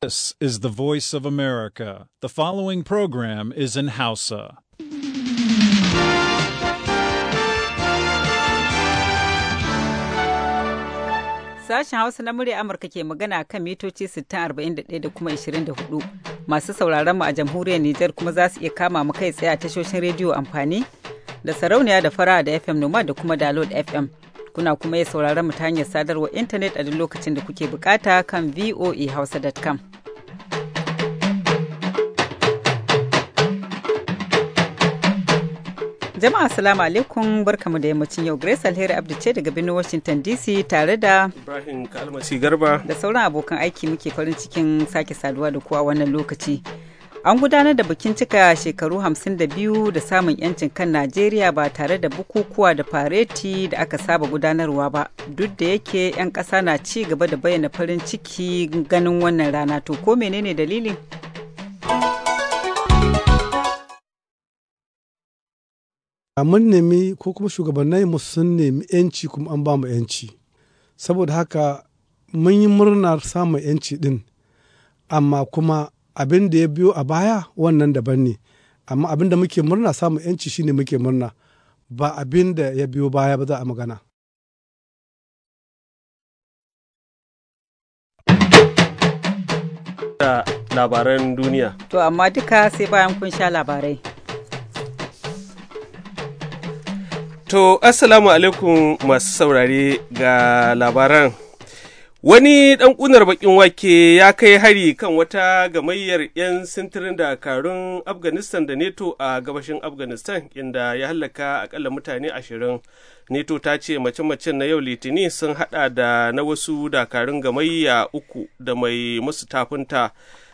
This is the voice of America. The following program is in Hausa. Sashen Hausa na murya Amurka ke magana kan mitoci 6041 da kuma 24. Masu sauraron mu a jamhuriyar Nijar kuma za su iya kama mu kai tsaye a tashoshin rediyo amfani da sarauniya da fara da FM Noma da kuma Dalot FM. Kuna kuma ya saurara mu ta hanyar sadarwar intanet a duk lokacin da kuke bukata kan voahausa.com. Jama'a Assalamu alaikum barkamu da yammacin yau Grace Alheri Abdu ce daga birnin Washington DC tare da Ibrahim Kalmasi Garba da sauran abokan aiki muke farin cikin sake saduwa da kowa wannan lokaci. an gudanar da bikin cika shekaru 52 da samun yancin kan najeriya ba tare da bukukuwa da fareti da aka saba gudanarwa ba duk da yake 'yan ƙasa na ci gaba da bayyana farin ciki ganin wannan rana to ko menene dalilin mun nemi ko kuma shugabannin mu sun nemi 'yanci kuma an ba mu 'yanci saboda haka mun yi murnar samun 'yanci din amma kuma abin da ya biyo a baya wannan daban ne amma abin da muke murna samun yanci shine muke murna ba abin da ya biyo baya ba za a magana labaran duniya to amma duka sai bayan kun sha labarai to assalamu alaikum masu saurare ga labaran Wani ɗan ƙunar baƙin wake ya kai hari kan wata gamayyar 'yan sintirin dakarun Afghanistan da NATO a gabashin Afghanistan inda ya hallaka akalla mutane ashirin. NATO ta ce mace-macen na yau Litinin sun haɗa da na wasu dakarun gamayya uku da mai musu tafunta.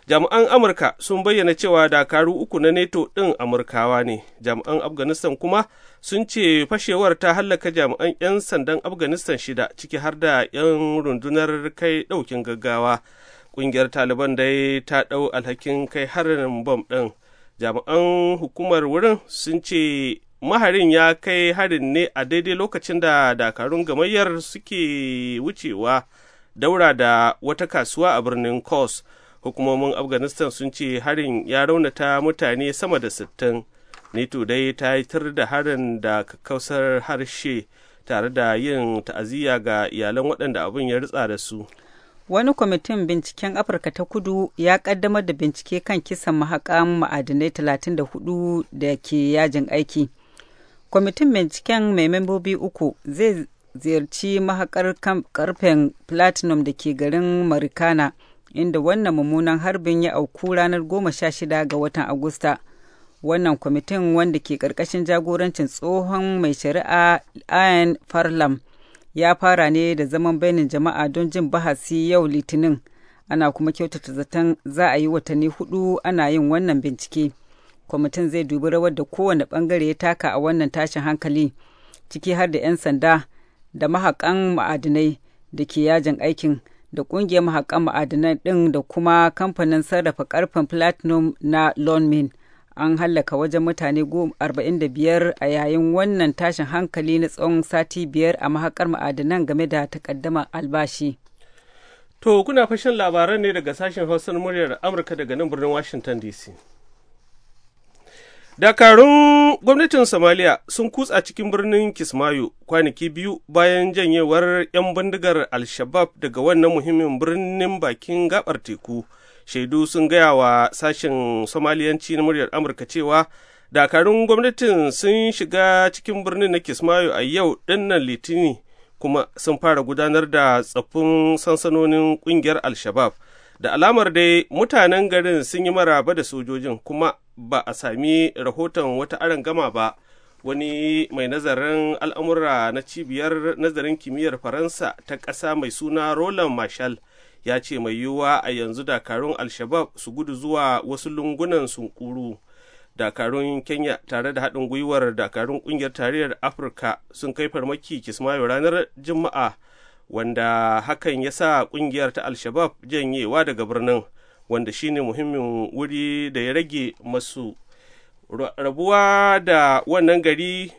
jami'an amurka sun bayyana cewa dakaru uku na neto ɗin amurkawa ne jami'an afghanistan kuma sun ce fashewar ta hallaka jami'an 'yan sandan afghanistan shida ciki har da 'yan rundunar kai ɗaukin gaggawa ƙungiyar taliban dai ta ɗau alhakin kai harin bom ɗin jami'an hukumar wurin sun ce maharin ya kai harin ne a daidai lokacin da dakarun gamayyar suke wucewa daura da wata kasuwa a birnin kos hukumomin afghanistan sun ce harin ya raunata mutane sama da sittin neto dai ta tar da harin da kakkausar harshe tare da yin ta'aziyya ga iyalan waɗanda abin ya ritsa da su wani kwamitin binciken afirka ta kudu ya kaddamar da bincike kan kisan mahakan ma'adinai 34 da ke yajin aiki kwamitin binciken mai membobi uku zai ziyarci mahakar karfen platinum da ke garin marikana inda wannan mummunan harbin ya auku ranar 16 ga watan Agusta. Wannan kwamitin wanda ke ƙarƙashin jagorancin tsohon mai shari'a Ian Farlam ya fara ne da zaman bainin jama'a don jin bahasi yau Litinin. Ana kuma kyautata zaton za a yi watanni hudu ana yin wannan bincike. Kwamitin zai dubi rawar da kowane bangare ya taka a wannan tashin hankali, ciki har da 'yan sanda da mahaƙan ma'adinai da ke yajin aikin. da ƙungiyar mahaƙan ma'adinan ɗin da kuma kamfanin sarrafa ƙarfen platinum na lonmin an hallaka wajen mutane 45 a yayin wannan tashin hankali na tsawon sati biyar a mahaƙar ma'adinan game da takaddama albashi to kuna fashin labaran ne daga sashen hausar muryar amurka daga nan birnin washington dc Dakarun gwamnatin Somalia sun kutsa cikin birnin Kismayo kwanaki biyu bayan janyewar 'yan bindigar Al-Shabab daga wannan muhimmin birnin bakin gabar teku. Shaidu sun gaya wa sashen Somaliyanci na muryar Amurka cewa dakarun gwamnatin sun shiga cikin birnin na Kismayo a yau dinnan Litini kuma sun fara gudanar da tsaffin sansanonin ƙungiyar Al-Shabab. Da alamar dai mutanen garin sun yi maraba da sojojin kuma ba a sami rahoton wata gama ba wani mai nazarin al'amura na cibiyar nazarin kimiyyar faransa ta ƙasa mai suna roland marshall ya ce mai yiwuwa a yanzu dakarun alshabab su gudu zuwa wasu lungunan sunkuru dakarun kenya tare da haɗin gwiwar dakarun ƙungiyar tarayyar afirka sun kai farmaki kismayo ranar jima'a, wanda hakan ya sa ƙungiyar ta alshabab janyewa daga birnin wanda shine muhimmin wuri da ya rage masu rabuwa da wannan gari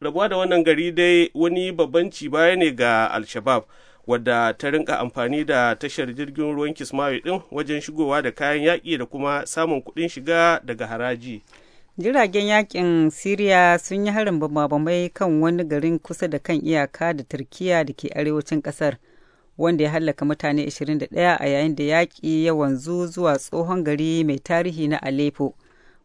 rabuwa da wannan gari dai wani babban baya ne ga al-shabab wadda ta rinka amfani da tashar jirgin ruwan kismayo din wajen shigowa da kayan yaƙi da kuma samun kuɗin shiga daga haraji jiragen yakin siriya sun yi harin bambamai kan wani garin kusa da kan iyaka da turkiya da ke arewacin ƙasar wanda ya hallaka mutane 21 a yayin da yaƙi ya wanzu zuwa tsohon gari mai tarihi na Aleppo.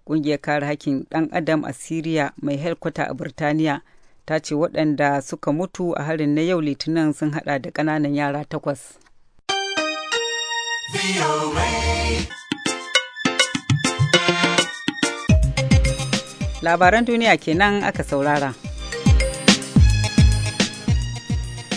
Ƙungiyar kare hakkin ɗan adam a Siriya mai helkwata a Burtaniya ta ce waɗanda suka mutu a harin na yau litinin sun haɗa da ƙananan yara takwas. Labaran duniya kenan aka saurara.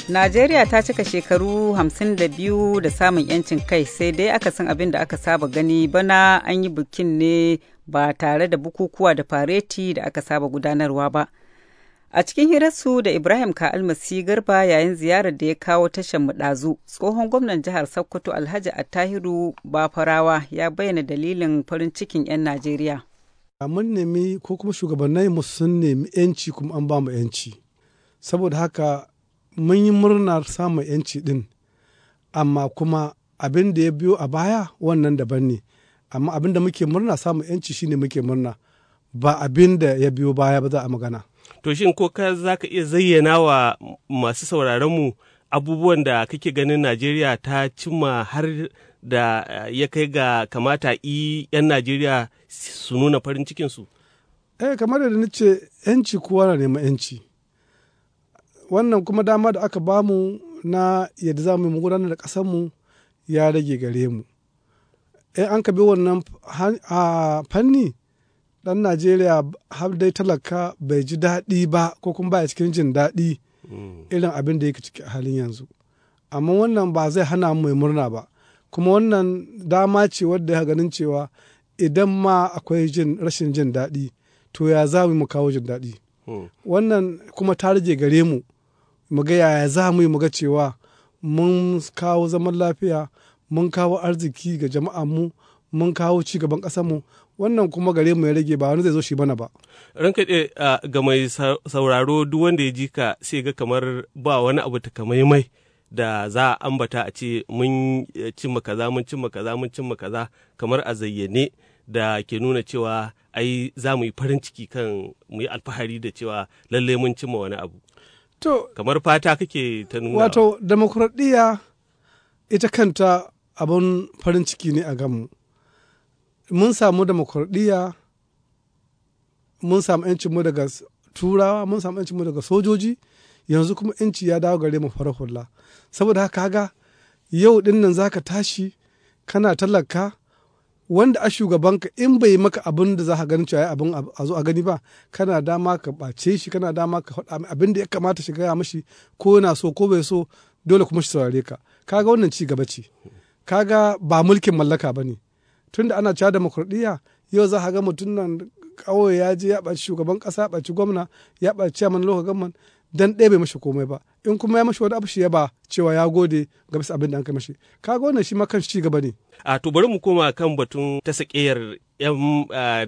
Najeriya ta cika shekaru 52 da samun 'yancin kai sai dai aka san abin da aka saba gani bana an yi bikin ne ba tare da bukukuwa da fareti da aka saba gudanarwa ba. A cikin hirarsu da Ibrahim Ka'almasi Garba yayin ziyarar da ya kawo tashar muɗazu, tsohon gwamnan jihar Sokoto Alhaji Attahiru Bafarawa ya bayyana dalilin farin cikin 'yan Najeriya. Mun nemi ko kuma shugabannin mu sun nemi 'yanci kuma an ba mu 'yanci. Saboda haka mun yi murnar samun 'yanci ɗin amma kuma abin da ya biyo a baya wannan daban ne amma abin da muke murna samun 'yanci shine muke murna ba abin da ya biyo baya ba za a magana to shin ko ka za ka iya zayyana wa masu mu abubuwan da kake ganin najeriya ta cimma har da eh, ya kai ga kamata i 'yan najeriya su nuna farin cikinsu eh kamar da ce 'yanci kowa na neman 'yanci wannan kuma dama da aka bamu na yadda za mu gudanar da mu ya rage gare mu in an ka bi wannan fanni ɗan najeriya har dai talaka bai ji daɗi ba ko kuma ba cikin jin daɗi mm. irin abin da yake ciki halin yanzu amma wannan ba zai hana mu mai murna ba kuma wannan dama ce wadda ya ganin cewa idan ma akwai jin rashin jin daɗi to ya za mu kawo jin daɗi mm. wannan kuma ta rage gare mu mu ga yaya za mu yi mu ga cewa mun kawo zaman lafiya mun kawo arziki ga jama'a mu mun kawo ci gaban mu wannan kuma gare mu ya rage ba wani zai zo shi bana ba. Ranka ɗe ga mai sauraro duk wanda ya ji ka sai ga kamar ba wani abu takamaimai da za a ambata a ce mun eh, cimma kaza mun cimma kaza mun cimma kaza kamar a zayyane da ke nuna cewa ai za mu yi farin ciki kan mu yi alfahari da cewa lallai mun cimma wani abu. To, kamar fata kake ta nuna. Wato, demokuraɗiyya ita kanta abun farin ciki ne a gamu. Mun samu demokuraɗiyya, mun samu mu daga turawa, mun samu mu daga sojoji, yanzu kuma ‘yanci ya dawo gare mu farar Saboda haka haka yau ɗin nan za ka tashi, kana talaka, wanda a shugabanka in bai maka abin da za ka gani cewa abin a zo a gani ba kana dama ka ɓace shi kana dama ka faɗa abin da ya kamata shi gaya mashi ko na so ko bai so dole kuma shi saurare ka kaga wannan ci gaba ce kaga ba mulkin mallaka ba ne tunda ana cewa demokuraɗiyya yau za ka ga mutum nan kawai ya je ya ɓaci shugaban ƙasa ya ɓaci gwamna ya ɓaci chairman local dan ɗaya bai mashi komai ba in kuma ya mashi wani abu shi ya ba cewa ya gode ga bisa abin da an kai mashi kaga wannan shi ma kan ci gaba ne a to bari mu koma kan batun ta sakeyar yan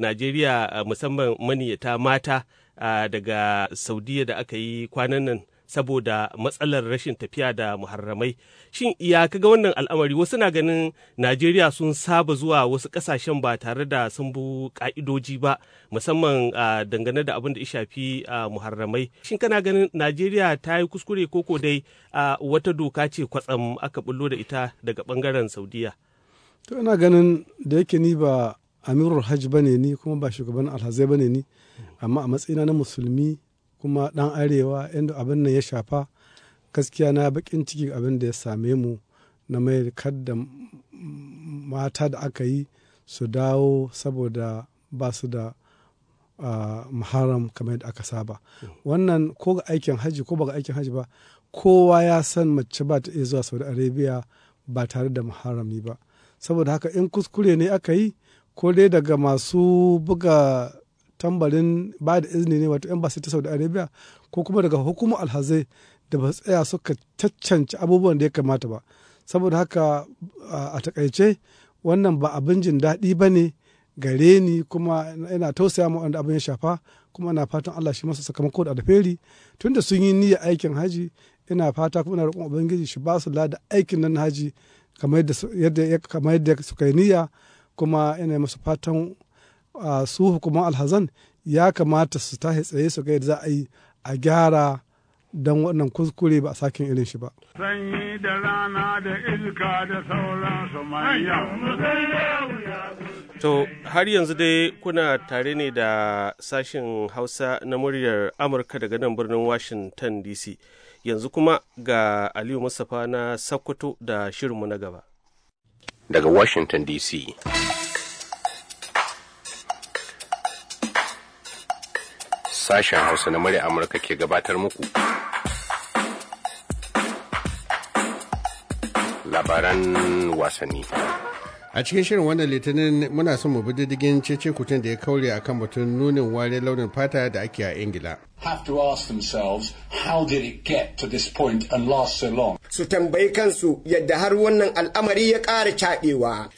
Najeriya musamman maniyata mata daga Saudiya da aka yi kwanan nan saboda matsalar rashin tafiya da muharramai shin iya kaga wannan al'amari wasu na ganin najeriya sun saba zuwa wasu kasashen ba tare da sun bu ka'idoji ba musamman dangane da abin da ya shafi muharramai shin kana ganin najeriya ta yi kuskure koko dai wata doka ce kwatsam aka bullo da ita daga bangaren saudiya to ina ganin da yake ni ba amirul hajj bane ni kuma ba shugaban alhazai bane ni amma a matsayina na musulmi kuma dan arewa inda abin nan ya shafa gaskiya na bakin ciki abin da ya same mu na mai da mata da aka yi su dawo saboda ba su da muharram kamar da aka saba wannan ko ga aikin hajji ko ba ga aikin haji ba kowa ya san mace ba ta iya zuwa saudi arabia ba tare da muharrami ba saboda haka in kuskure ne aka yi ko dai daga masu buga tambarin ba da izini ne wato embassy ta saudi arabia ko kuma daga hukumar alhazai da ba tsaya suka caccanci abubuwan da ya kamata ba saboda haka a takaice wannan ba abin jin daɗi ba ne gare ni kuma yana tausaya ma wanda abin ya shafa kuma na fatan Allah shi masa sakamako da alheri tunda sun yi niyyar aikin haji ina fata kuma ina roƙon ubangiji shi ba su lada aikin nan haji kamar yadda suka yi niyya kuma ina masu fatan su hukuman alhazan ya kamata su tashi tsaye su ga za a yi a gyara don wannan kuskure ba a sakin irin shi ba. Sanyi da rana da iska da sauransu To, har yanzu dai kuna tare ne da sashen Hausa na muryar Amurka daga nan birnin Washington DC. Yanzu kuma ga Aliyu Mustapha na Sokoto da shirinmu na gaba. Daga Washington DC. sashen Hausa na murya Amurka ke gabatar muku. Labaran wasanni. A cikin shirin wannan litinin muna son mu bi diddigin cece kutun da ya kaure kan batun nunin wari launin fata da ake a Ingila. have to ask themselves how did it get to this point and last so long. Su tambayi kansu yadda har wannan al'amari ya ƙara caɗewa.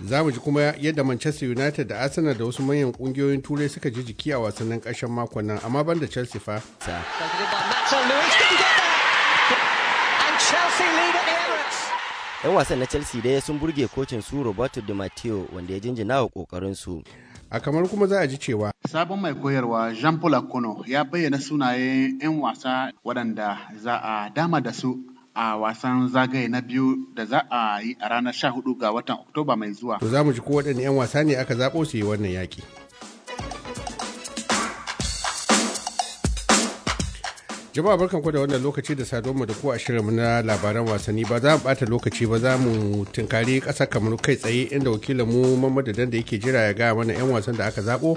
za mu ji kuma yadda manchester united da arsenal da wasu manyan kungiyoyin turai suka ji jiki a wasannin ƙarshen makon nan amma ban da chelsea fa yan wasan na chelsea dai sun burge kocin su roberto di matteo wanda ya jinjina wa ƙoƙarinsu. a kamar kuma za a ji cewa sabon mai koyarwa jean paul akono ya bayyana sunayen 'yan wasa waɗanda za a dama da su a wasan zagaye na biyu da za a yi a ranar 14 ga watan Oktoba mai zuwa. To za mu ji ko waɗanne 'yan wasa ne aka zaɓo su yi wannan yaƙi. jama'a barkan ku da wannan lokaci da mu da ku a shirin na labaran wasanni ba za mu bata lokaci ba za mu tunkari ƙasa kamar kai tsaye inda mu mamadu da yake jira ya gaya mana 'yan wasan da aka zaɓo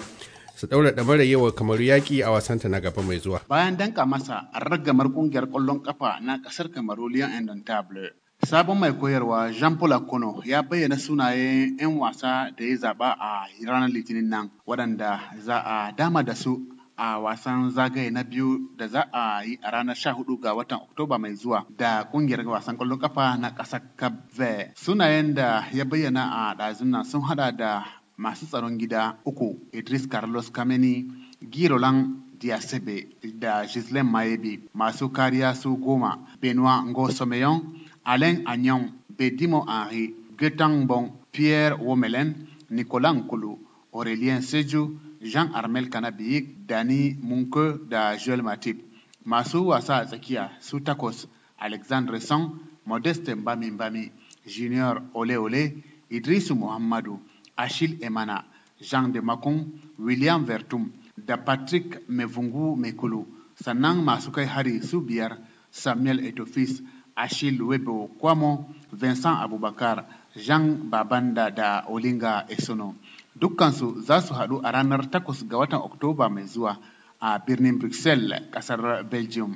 su ɗaura ɗamarar yawa kamar yaƙi a wasanta na gaba mai zuwa. Bayan danka masa a ragamar ƙungiyar ƙwallon ƙafa na ƙasar Kamaru Lyon Indomitable. Sabon mai koyarwa Jean Paul Akono ya bayyana sunayen 'yan wasa da ya zaɓa a ranar Litinin nan waɗanda za a dama da su a wasan zagaye na biyu da za a yi a ranar sha hudu ga watan Oktoba mai zuwa da kungiyar wasan kwallon kafa na ƙasar Cape Sunayen da ya bayyana a ɗazun sun hada da masu tsaron gida uku Idris Carlos Kameni, Girolan Diasebe da Ghislaine Mayebi masu kariya su goma Benoit Ngosomeyon, Alain Agnon, Bedimo Henri, Gaetan Bon, Pierre Womelen, Nicolas Nkulu, Aurélien seju Jean Armel Kanabiyik, Dani Munke da Joel Matip. Masu wasa tsakiya su takos Alexandre Son, Modeste Mbami Mbami, Junior Ole Ole, Idrisu Muhammadu, Achille Emana, Jean de Macon, William Vertum da Patrick Mevungu Mekulu, sannan masu kai hari su biyar Samuel Etofis, Achille Webo Kwamo, Vincent Abubakar, Jean Babanda da Olinga Esono. Dukkansu za su haɗu a ranar takwas ga watan Oktoba mai zuwa a birnin Bruxelles, ƙasar Belgium.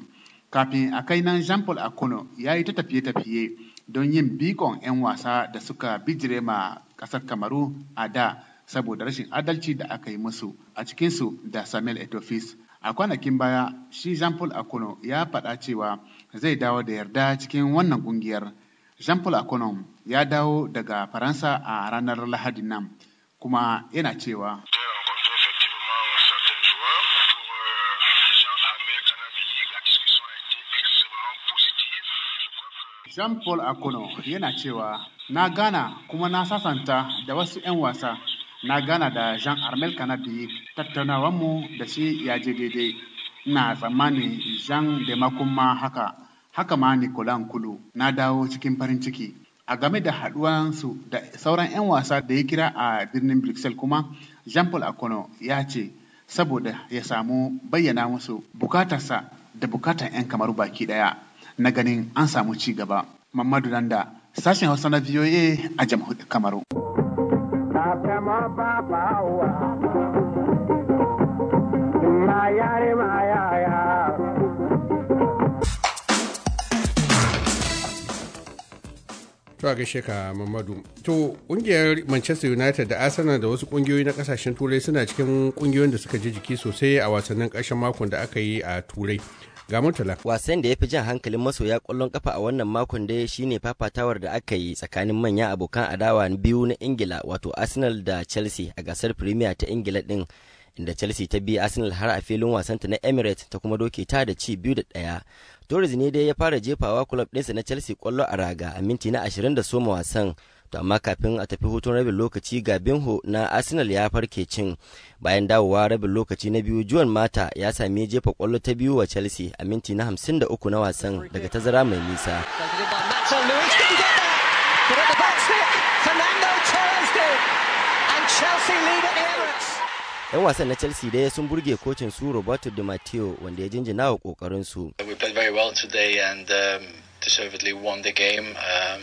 Kafin a kai nan Jean-Paul Akono ya yi ta tafiye-tafiye don yin bikon 'yan wasa da suka bijire ma ƙasar kamaru a da saboda rashin adalci da aka yi musu a cikinsu da samuel etofis a kwanakin baya shi jean paul akono ya faɗa cewa zai dawo da yarda cikin wannan ƙungiyar jean paul akono ya dawo daga faransa a ranar lahadi nan kuma yana cewa Jean-Paul Akono yana cewa na gana kuma na sasanta da wasu 'yan wasa na gana da Jean Armel Kanabi tattaunawanmu da shi ya je daidai. na tsammani Jean de Makuma haka, haka ma Nicolan Kulu na dawo cikin farin ciki. A game da su da sauran 'yan wasa da ya kira a birnin Brussels kuma, Jean-Paul Akono ya ce, saboda ya samu bayyana musu bukatarsa da bukatar 'yan kamar baki ɗaya. na ganin an samu ci gaba. Mamadu Danda, sashen Hausa na VOA a jamhuriyar Kamaru. to a gaishe ka mamadu to kungiyar manchester united da arsenal da wasu kungiyoyi na kasashen turai suna cikin kungiyoyin da suka ji jiki sosai a wasannin ƙarshen makon da aka yi a turai ga wasan da ya fi jan hankalin masoya kwallon kafa a wannan makon dai shine fafatawar da aka yi tsakanin manyan abokan adawa biyu na ingila wato arsenal da chelsea a gasar premier ta ingila din inda chelsea ta biya arsenal har a filin wasanta na emirates ta kuma doke ta da ci biyu da ɗaya torres ne dai ya fara jefawa kulob ɗinsa na chelsea kwallo a raga a minti na ashirin da soma wasan to amma kafin a tafi hutun rabin lokaci ga binho na arsenal ya farke cin bayan dawowa rabin lokaci na biyu juan mata ya sami jefa kwallo ta biyu wa chelsea a minti na 53 na wasan daga tazara mai nisa yan wasan na chelsea dai sun burge kocin su roberto de matteo wanda ya jinjina wa kokarin su we played very um, won the game um,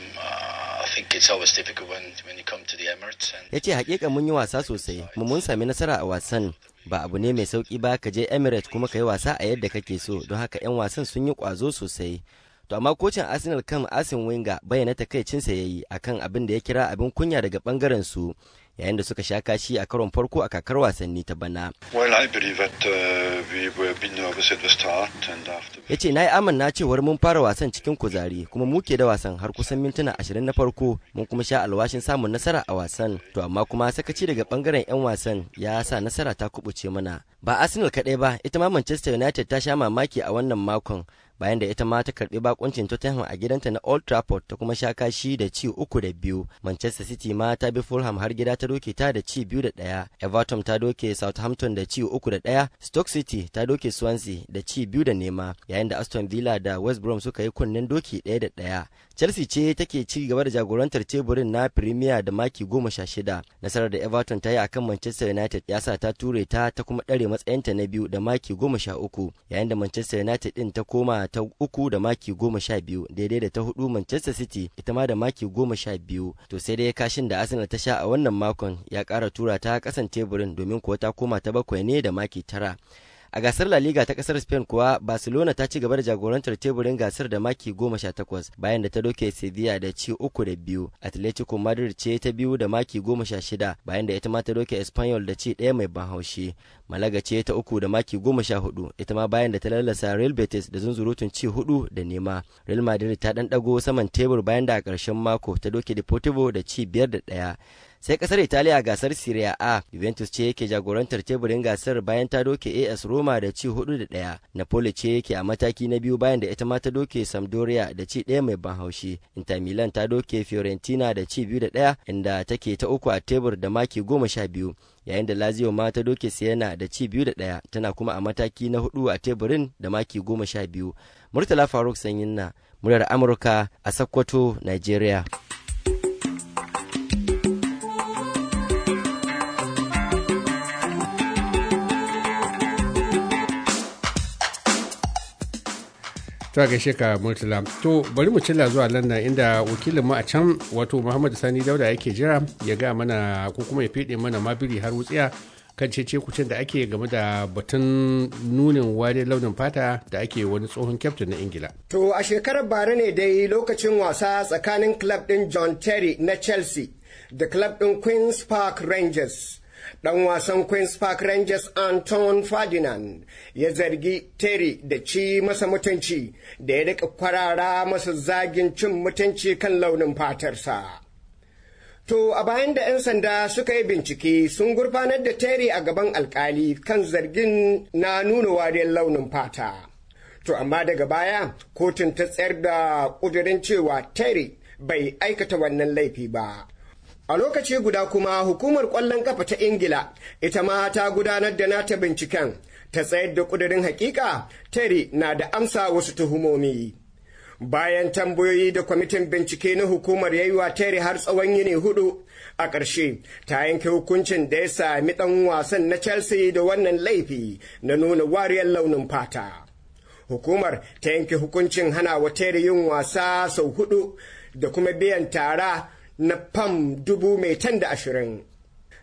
Ya ce hakika mun yi wasa sosai, mu mun sami nasara a wasan. Ba abu ne mai sauki ba ka je Emirates kuma ka yi wasa a yadda kake so, don haka 'yan wasan sun yi kwazo sosai. To amma kocin Arsenal kan Arsene Wenger bayyana takaicinsa ya yi akan abin da ya kira abin kunya daga bangaren su yayin da suka sha kashi a karon farko a kakar wasanni ta bana. Uh, ya ce na yi amanna cewar mun fara wasan cikin kuzari kuma muke da wasan har kusan mintuna ashirin na farko mun kuma sha alwashin samun nasara a wasan to amma kuma sakaci daga bangaren 'yan wasan ya sa nasara ta kubuce mana ba Arsenal kaɗai ba ita ma Manchester United ta sha mamaki a wannan makon bayan da ita ma ta karbi bakuncin Tottenham a gidanta na Old Trafford ta kuma sha kashi da ci uku da biyu. Manchester City ma ta bi Fulham har gida ta doke ta da ci biyu da ɗaya. Everton ta doke Southampton da ci uku da ɗaya. Stoke City ta doke Swansea da ci biyu da nema yayin da Aston Villa da West Brom suka yi kunnen doki ɗaya da ɗaya. Chelsea ce take ci gaba da jagorantar teburin na Premier da maki goma sha shida. Nasarar da Everton ta yi a kan Manchester United ya sa ta ture ta ta kuma ɗare matsayinta na biyu da maki goma sha uku, yayin da Manchester United ɗin ta koma ta uku da maki goma sha biyu, daidai da ta hudu Manchester City ita ma da maki goma sha biyu. To sai dai kashin da Arsenal ta sha a wannan makon ya kara tura ta kasan teburin domin kuwa ta koma ta bakwai ne da maki tara. A gasar La Liga ta kasar Spain kuwa Barcelona ta ci gaba da jagorantar teburin gasar da maki goma sha takwas bayan da ta doke Sevilla da ci uku da biyu. Atletico Madrid ce ta biyu da maki goma sha shida bayan da ita ma ta doke Espanyol da ci ɗaya mai ban haushi. Malaga ce ta uku da maki goma sha hudu ita ma bayan da ta lallasa Real Betis da zunzurutun ci hudu da nema. Real Madrid ta ɗanɗago saman tebur bayan da a ƙarshen mako ta doke Deportivo da ci biyar da ɗaya. sai kasar italiya gasar serie a juventus ce yake jagorantar teburin gasar bayan ta doke as roma da ci hudu da daya napoli ce yake a mataki na biyu bayan da ita ma ta doke sampdoria da ci daya mai ban haushi inter milan ta doke fiorentina da ci biyu da daya inda take ta uku a tebur da maki goma sha biyu yayin da lazio ma ta doke siena da ci biyu da daya tana kuma a mataki na hudu a teburin da maki goma sha biyu murtala faruk sanyin na muryar amurka a sakkwato nigeria to gaishe ka murtala to bari mu cilla zuwa london inda wakilin mu a can wato muhammadu sani dauda yake jira ya ga mana ko kuma ya fede mana mabiri har wutsiya kan cece kucin da ake game da batun nunin wari launin fata da ake wani tsohon kyaftin na ingila to a shekarar bara ne dai lokacin wasa tsakanin club din john terry na chelsea da club din queen's park rangers ɗan wasan Queen's Park Rangers Anton Ferdinand ya zargi Terry da ci masa mutunci da ya rika kwarara masa zagin cin mutunci kan launin fatarsa. To a bayan da 'yan sanda suka yi bincike sun gurfanar da Terry a gaban alkali kan zargin na nuna wariyar launin fata. To amma daga baya kotun ta tsayar da ƙudurin cewa Terry bai aikata wannan laifi ba. A lokaci guda kuma hukumar ƙwallon ƙafa ta Ingila ita ma ta gudanar da nata binciken ta tsayar da ƙudurin hakika Terry na da amsa wasu tuhumomi. Bayan tambayoyi da kwamitin bincike na hukumar ya yi wa Terry har tsawon yini hudu a ƙarshe ta yanke hukuncin da ya sami ɗan wasan na Chelsea da wannan laifi na nuna wariyar launin fata. Hukumar ta yanke hukuncin hana wa Terry yin wasa sau hudu da kuma biyan tara na fam dubu mai tan da ashirin.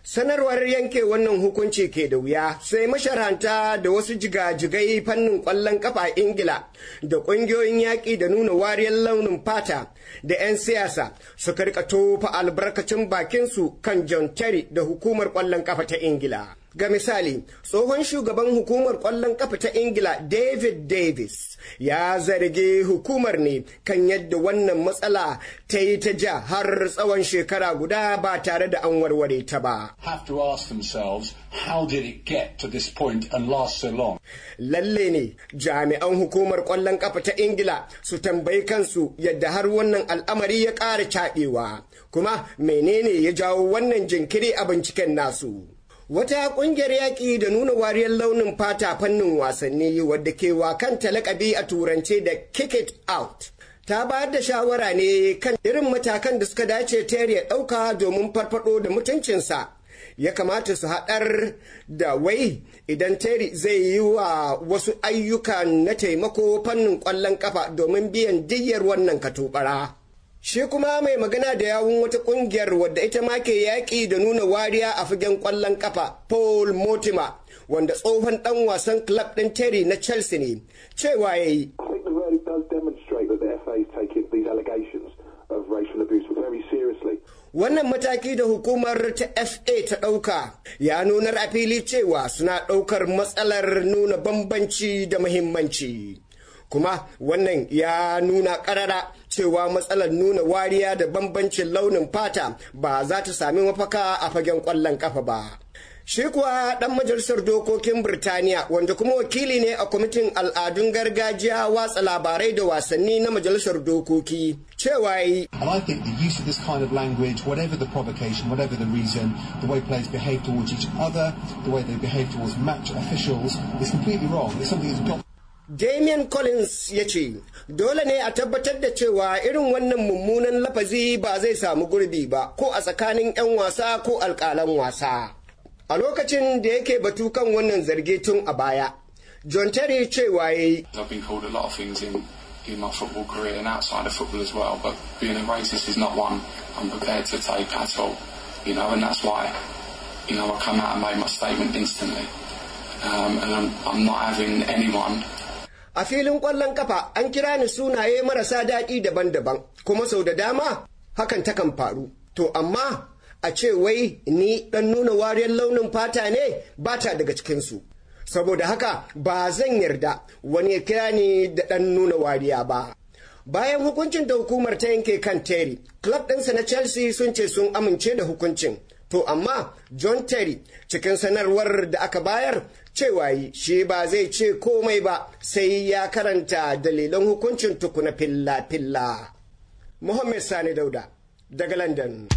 Sanarwar yanke wannan hukunci ke da wuya sai masharanta da wasu jigajigai fannin kwallon kafa a Ingila da ƙungiyoyin yaƙi da nuna wariyar launin fata da 'yan siyasa su karka tofa albarkacin bakinsu kan John Terry da hukumar kwallon kafa ta Ingila. Ga misali, tsohon shugaban hukumar ƙwallon kafa ta Ingila David Davis ya zargi hukumar ne kan yadda wannan matsala ta yi ta ja har tsawon shekara guda ba tare da an warware ta ba. Lalle ne jami'an hukumar ƙwallon kafa ta Ingila su tambayi kansu yadda har wannan al'amari ya ƙara caɓewa, kuma menene ya jawo wannan jinkiri a binciken nasu. Wata ƙungiyar yaƙi da nuna wariyar launin fata fannin wasanni wadda ke wa kan lakabi a turance da kick it out. ta ba da shawara ne kan irin matakan da suka dace Terry ya ɗauka domin farfaɗo da mutuncinsa. Ya kamata su haɗar da wai idan teri zai yi wa wasu ayyuka na taimako fannin ƙwallon ƙafa domin biyan diyyar wannan katubara. shi kuma mai magana da yawun wata ƙungiyar wadda ita ma ke yaƙi da nuna wariya a fagen ƙwallon ƙafa paul Motima, wanda tsohon ɗan wasan club ɗin terry na chelsea ne cewa ya yi wannan mataki da hukumar ta fa ta ɗauka ya nunar a fili cewa suna ɗaukar matsalar nuna bambanci da muhimmanci. kuma wannan ya nuna karara cewa matsalar nuna wariya da bambancin launin fata ba za ta sami mafaka a fagen kwallon kafa ba. Shi kuwa ɗan majalisar dokokin Birtaniya wanda kuma wakili ne a kwamitin al'adun gargajiya watsa labarai da wasanni na majalisar dokoki cewa yi. I think the use of this kind of language, whatever the provocation, whatever the reason, the way players behave towards each other, the way they behave towards match officials, is completely wrong. It's something that's not Damien Collins ya ce, Dole ne a tabbatar da cewa irin wannan mummunan lafazi ba zai samu gurbi ba, ko a tsakanin 'yan wasa ko alƙalan wasa. A lokacin da yake batu kan wannan zarge tun a baya, John Terry cewa ya yi. you know, I come out and made my statement instantly. Um, and I'm, I'm not having anyone a filin ƙwallon ƙafa, an kira ni sunaye marasa daɗi daban-daban kuma sau da dama hakan takan faru to amma a ce wai ni ɗan nuna wariyar launin fata ne ba ta daga cikinsu saboda haka ba zan yarda wani ya kira ni da ɗan nuna wariya ba bayan hukuncin da hukumar ta yanke kan terry club ɗinsa na chelsea sun ce sun amince da hukuncin to amma john terry cikin sanarwar da aka bayar cewa yi shi ba zai ce komai ba sai ya karanta dalilan hukuncin tukuna filla-filla. Muhammad Sani Dauda daga London.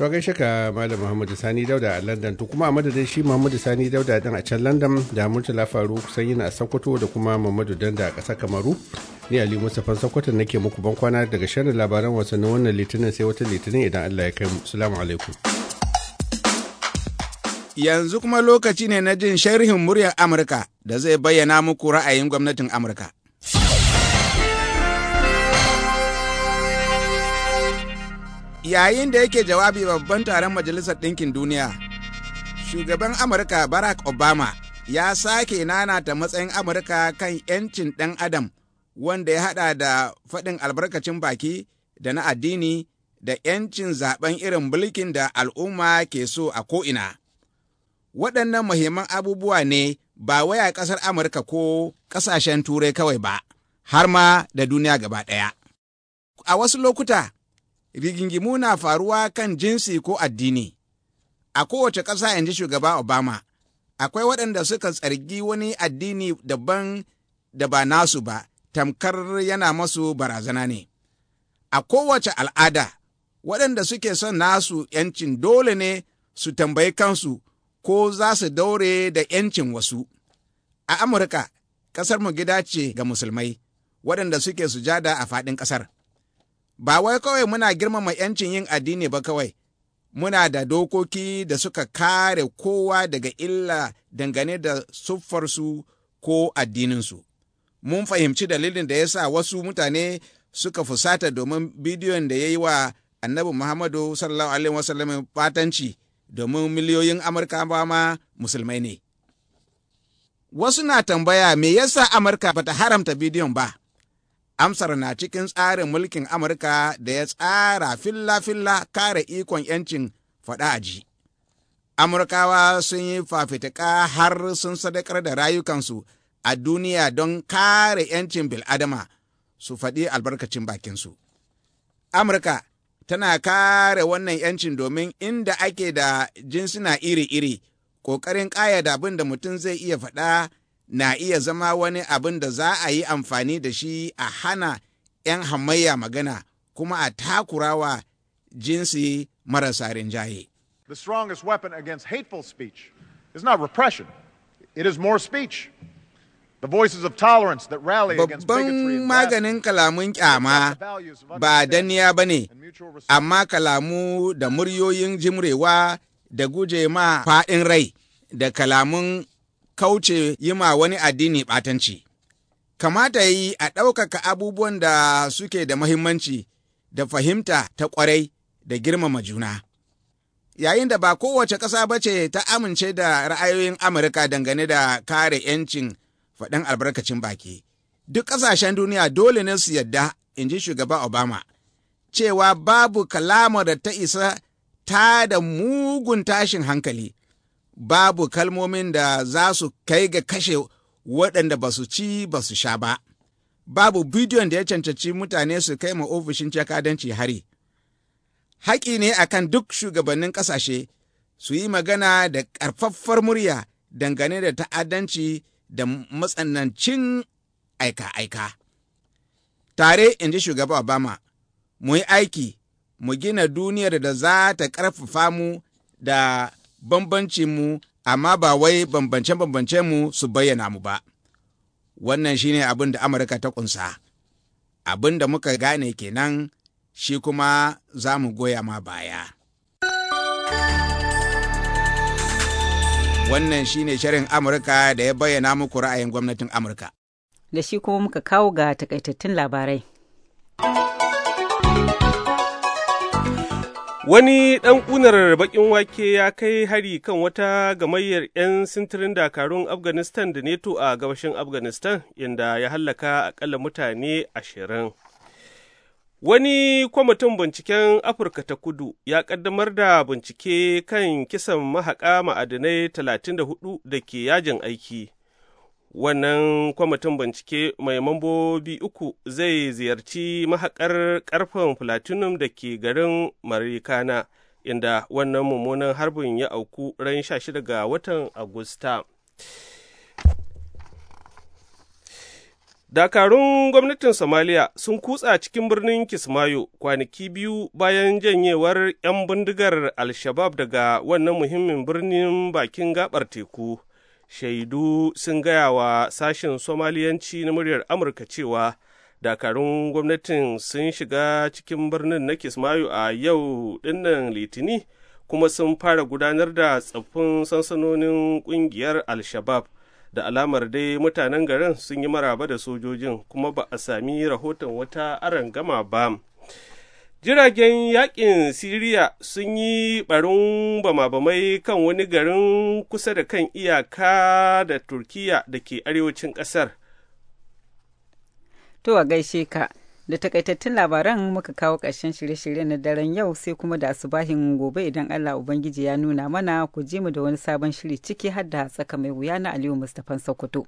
to gaishe malam muhammadu sani dauda a london to kuma a madadin shi muhammadu sani dauda din a can london da murtala lafaru kusan yana a sokoto da kuma muhammadu danda a ƙasar kamaru ni ali mustapha sokoto nake muku ban kwana daga shirin labaran wasannin wannan litinin sai wata litinin idan allah ya kai mu assalamu alaikum yanzu kuma lokaci ne na jin sharhin muryar amurka da zai bayyana muku ra'ayin gwamnatin amurka yayin da yake jawabi babban taron majalisar ɗinkin duniya shugaban amurka barack obama ya sake nanata matsayin amurka kan 'yancin ɗan adam wanda ya haɗa da faɗin albarkacin baki da na addini da 'yancin zaben irin mulkin da al'umma ke so a ko'ina waɗannan muhimman abubuwa ne ba waya ƙasar Amurka ko ƙasashen Turai kawai ba, har ma da duniya gaba ɗaya. A wasu lokuta, rigingimu na faruwa kan jinsi ko addini. A kowace ƙasa in ji shugaba Obama, akwai waɗanda suka tsargi wani addini daban da ba nasu ba, tamkar yana masu barazana ne. A kowace al'ada, waɗanda suke son nasu ‘yancin dole ne su tambayi kansu ko za su daure da ‘yancin wasu. A Amurka, ƙasarmu gida ce ga musulmai, waɗanda suke sujada a faɗin ƙasar. ba wai kawai muna girmama ‘yancin yin addini ba kawai, muna da dokoki da suka kare kowa daga illa dangane da siffarsu ko addininsu. Mun fahimci dalilin da ya sa wasu mutane suka fusata domin bidiyon da ya yi wa annabi Muhammadu sallallahu Alaihi wasallam batanci domin miliyoyin Amurkawa ma musulmai ne. Wasu na tambaya me yasa Amurka bata haramta bidiyon ba. Amsar na cikin tsarin mulkin Amurka da ya tsara filla-filla kare ikon ‘yancin faɗaji. Amurkawa sun yi fafitika har sun sadakar da rayukansu a duniya don kare ‘yancin bil'adama su faɗi albarkacin bakinsu. Amurka tana kare wannan ‘yancin domin inda ake da jinsuna iri-iri, ƙoƙarin ƙayyada abin da mutum zai iya faɗa na iya zama wani abin da za a yi amfani da shi a hana 'yan hamayya magana kuma a takurawa jinsi marasa rinjaye. The strongest weapon against hateful speech is not repression, it is more speech. The voices of tolerance that rally Babban maganin kalamun kyama ba danniya ba ne, amma kalamu da muryoyin jimrewa da guje ma faɗin rai da kalamun kauce yi ma wani addini batanci. Kamata yi a ɗaukaka abubuwan da suke da mahimmanci da fahimta ta ƙwarai da girmama juna. Yayin da ba kowace ƙasa ba ce ta amince da ra'ayoyin Amurka dangane da kare 'yancin faɗin albarkacin baki. Duk ƙasashen duniya dole ne su yadda, in ji shugaba Obama, cewa babu kalamar da ta isa ta da mugun tashin hankali babu kalmomin da za su kai ga kashe waɗanda ba su ci ba su sha ba. Babu bidiyon da ya cancanci mutane su kai ma ofishin jakadanci hari. Haƙi ne a kan duk shugabannin ƙasashe su yi magana da ƙarfaffar murya dangane da ta'addanci da matsanancin aika-aika. Tare, in ji shugaba Obama, mu yi aiki, mu gina duniyar da za ta ƙarfafa mu da bambancinmu amma ba wai bambance mu su bayyana mu ba. Wannan shi ne abin da Amurka ta ƙunsa, abin da muka gane kenan shi kuma za mu goya ma baya. Wannan shi ne shirin Amurka da ya bayyana muku ra'ayin gwamnatin Amurka. Da shi kuma muka kawo ga takaitattun labarai. Wani ɗan ƙunar baƙin wake ya kai hari kan wata gamayyar 'yan sintirin dakarun Afghanistan da neto a gabashin Afghanistan inda ya hallaka akalla mutane ashirin. Wani kwamitin binciken Afirka ta kudu ya ƙaddamar da bincike kan kisan mahaƙa ma'adinai 34 da ke yajin aiki. wannan kwamitin bincike mai mambobi uku zai ziyarci mahaƙar ƙarfen platinum da ke garin marikana inda wannan mummunan harbin ya auku ran 16 ga watan agusta dakarun gwamnatin somaliya sun kutsa cikin birnin kismayo kwanaki biyu bayan janyewar 'yan bindigar al-shabab daga wannan muhimmin birnin bakin gabar teku shaidu sun gaya wa sashen somaliyanci na muryar amurka cewa dakarun gwamnatin sun shiga cikin birnin na Kismayu a yau dinnan litini kuma sun fara gudanar da tsaffin sansanonin kungiyar al-shabab da alamar dai mutanen garin sun yi maraba da sojojin kuma ba a sami rahoton wata gama ba Jiragen yaƙin Siriya sun yi ɓarin bama-bamai kan wani garin kusa da kan iyaka da Turkiyya da ke arewacin ƙasar. To a gaishe ka, da takaitattun labaran muka kawo ƙarshen shirye-shirye na daren yau sai kuma da asubahin gobe idan Allah Ubangiji ya nuna mana ku ji mu da wani sabon shiri ciki har da tsaka mai wuya na Aliyu Mustapha Sokoto.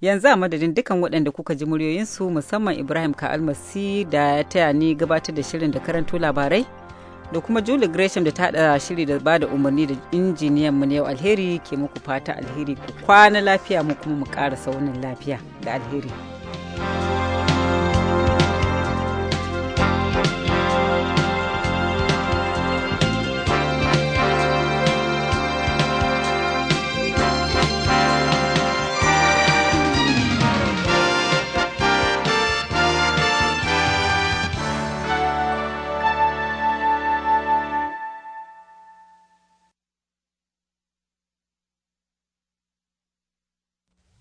yanzu a madadin dukan waɗanda kuka ji muryoyinsu musamman ibrahim ka'almasi da ya taya ni gabatar da shirin da karanto labarai da kuma juli gresham da ta haɗa shiri da bada umarni da injiniyan mu yau alheri ke muku fata alheri ku kwana lafiya mu kuma mu ƙarasa saunin lafiya da alheri.